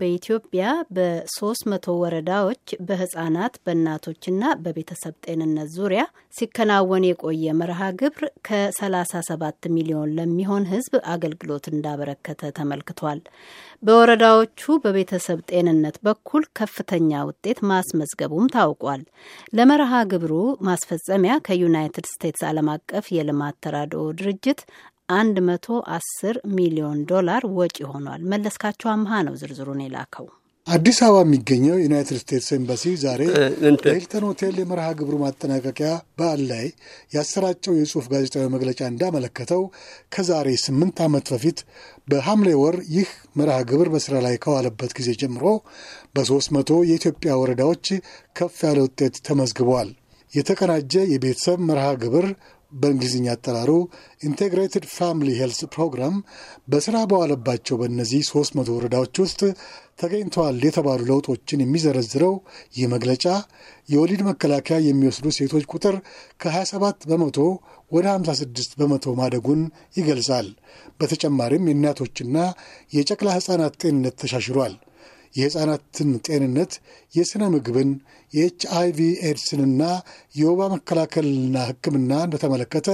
በኢትዮጵያ በ300 ወረዳዎች በህጻናት በእናቶችና በቤተሰብ ጤንነት ዙሪያ ሲከናወን የቆየ መርሃ ግብር ከ37 ሚሊዮን ለሚሆን ህዝብ አገልግሎት እንዳበረከተ ተመልክቷል። በወረዳዎቹ በቤተሰብ ጤንነት በኩል ከፍተኛ ውጤት ማስመዝገቡም ታውቋል። ለመርሃ ግብሩ ማስፈጸሚያ ከዩናይትድ ስቴትስ ዓለም አቀፍ የልማት ተራድኦ ድርጅት 110 ሚሊዮን ዶላር ወጪ ሆኗል። መለስካቸው አምሃ ነው ዝርዝሩን የላከው። አዲስ አበባ የሚገኘው ዩናይትድ ስቴትስ ኤምባሲ ዛሬ በሂልተን ሆቴል የመርሃ ግብሩ ማጠናቀቂያ በዓል ላይ ያሰራጨው የጽሑፍ ጋዜጣዊ መግለጫ እንዳመለከተው ከዛሬ ስምንት ዓመት በፊት በሐምሌ ወር ይህ መርሃ ግብር በስራ ላይ ከዋለበት ጊዜ ጀምሮ በሦስት መቶ የኢትዮጵያ ወረዳዎች ከፍ ያለ ውጤት ተመዝግቧል። የተቀናጀ የቤተሰብ መርሃ ግብር በእንግሊዝኛ አጠራሩ ኢንቴግሬትድ ፋሚሊ ሄልስ ፕሮግራም በስራ በዋለባቸው በእነዚህ ሦስት መቶ ወረዳዎች ውስጥ ተገኝተዋል የተባሉ ለውጦችን የሚዘረዝረው ይህ መግለጫ የወሊድ መከላከያ የሚወስዱ ሴቶች ቁጥር ከ27 በመቶ ወደ 56 በመቶ ማደጉን ይገልጻል። በተጨማሪም የእናቶችና የጨቅላ ሕፃናት ጤንነት ተሻሽሏል። የሕፃናትን ጤንነት፣ የሥነ ምግብን፣ የኤች ቪ ኤድስንና የወባ መከላከልና ህክምና እንደተመለከተ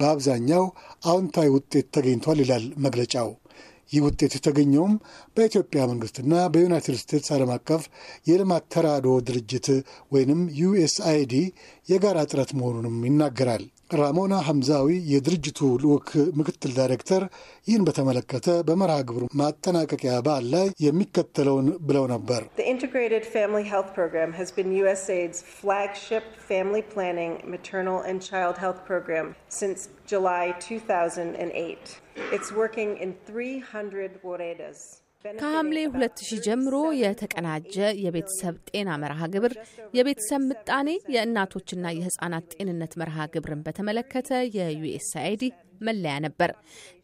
በአብዛኛው አዎንታዊ ውጤት ተገኝቷል ይላል መግለጫው። ይህ ውጤት የተገኘውም በኢትዮጵያ መንግስትና በዩናይትድ ስቴትስ ዓለም አቀፍ የልማት ተራድኦ ድርጅት ወይንም ዩኤስአይዲ የጋራ ጥረት መሆኑንም ይናገራል። ራሞና ሐምዛዊ የድርጅቱ ልዑክ ምክትል ዳይሬክተር ይህን በተመለከተ በመርሃ ግብሩ ማጠናቀቂያ በዓል ላይ የሚከተለውን ብለው ነበር። ጁላይ 2008 ከሐምሌ 2000 ጀምሮ የተቀናጀ የቤተሰብ ጤና መርሃ ግብር፣ የቤተሰብ ምጣኔ፣ የእናቶችና የህፃናት ጤንነት መርሃ ግብርን በተመለከተ የዩኤስአይዲ መለያ ነበር።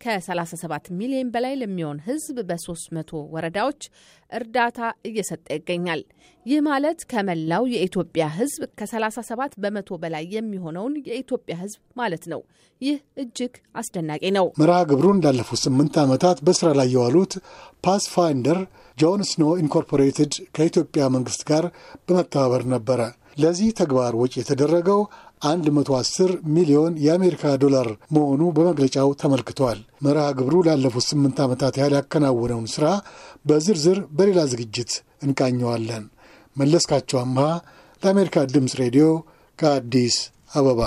ከ37 ሚሊዮን በላይ ለሚሆን ህዝብ በ300 ወረዳዎች እርዳታ እየሰጠ ይገኛል። ይህ ማለት ከመላው የኢትዮጵያ ህዝብ ከ37 በመቶ በላይ የሚሆነውን የኢትዮጵያ ህዝብ ማለት ነው። ይህ እጅግ አስደናቂ ነው። መርሃ ግብሩን ላለፉት ስምንት ዓመታት በስራ ላይ የዋሉት ፓስፋይንደር ጆን ስኖ ኢንኮርፖሬትድ ከኢትዮጵያ መንግስት ጋር በመተባበር ነበረ። ለዚህ ተግባር ወጪ የተደረገው 110 ሚሊዮን የአሜሪካ ዶላር መሆኑ በመግለጫው ተመልክቷል። መርሃ ግብሩ ላለፉት ስምንት ዓመታት ያህል ያከናወነውን ሥራ በዝርዝር በሌላ ዝግጅት እንቃኘዋለን። መለስካቸው አምሃ ለአሜሪካ ድምፅ ሬዲዮ ከአዲስ አበባ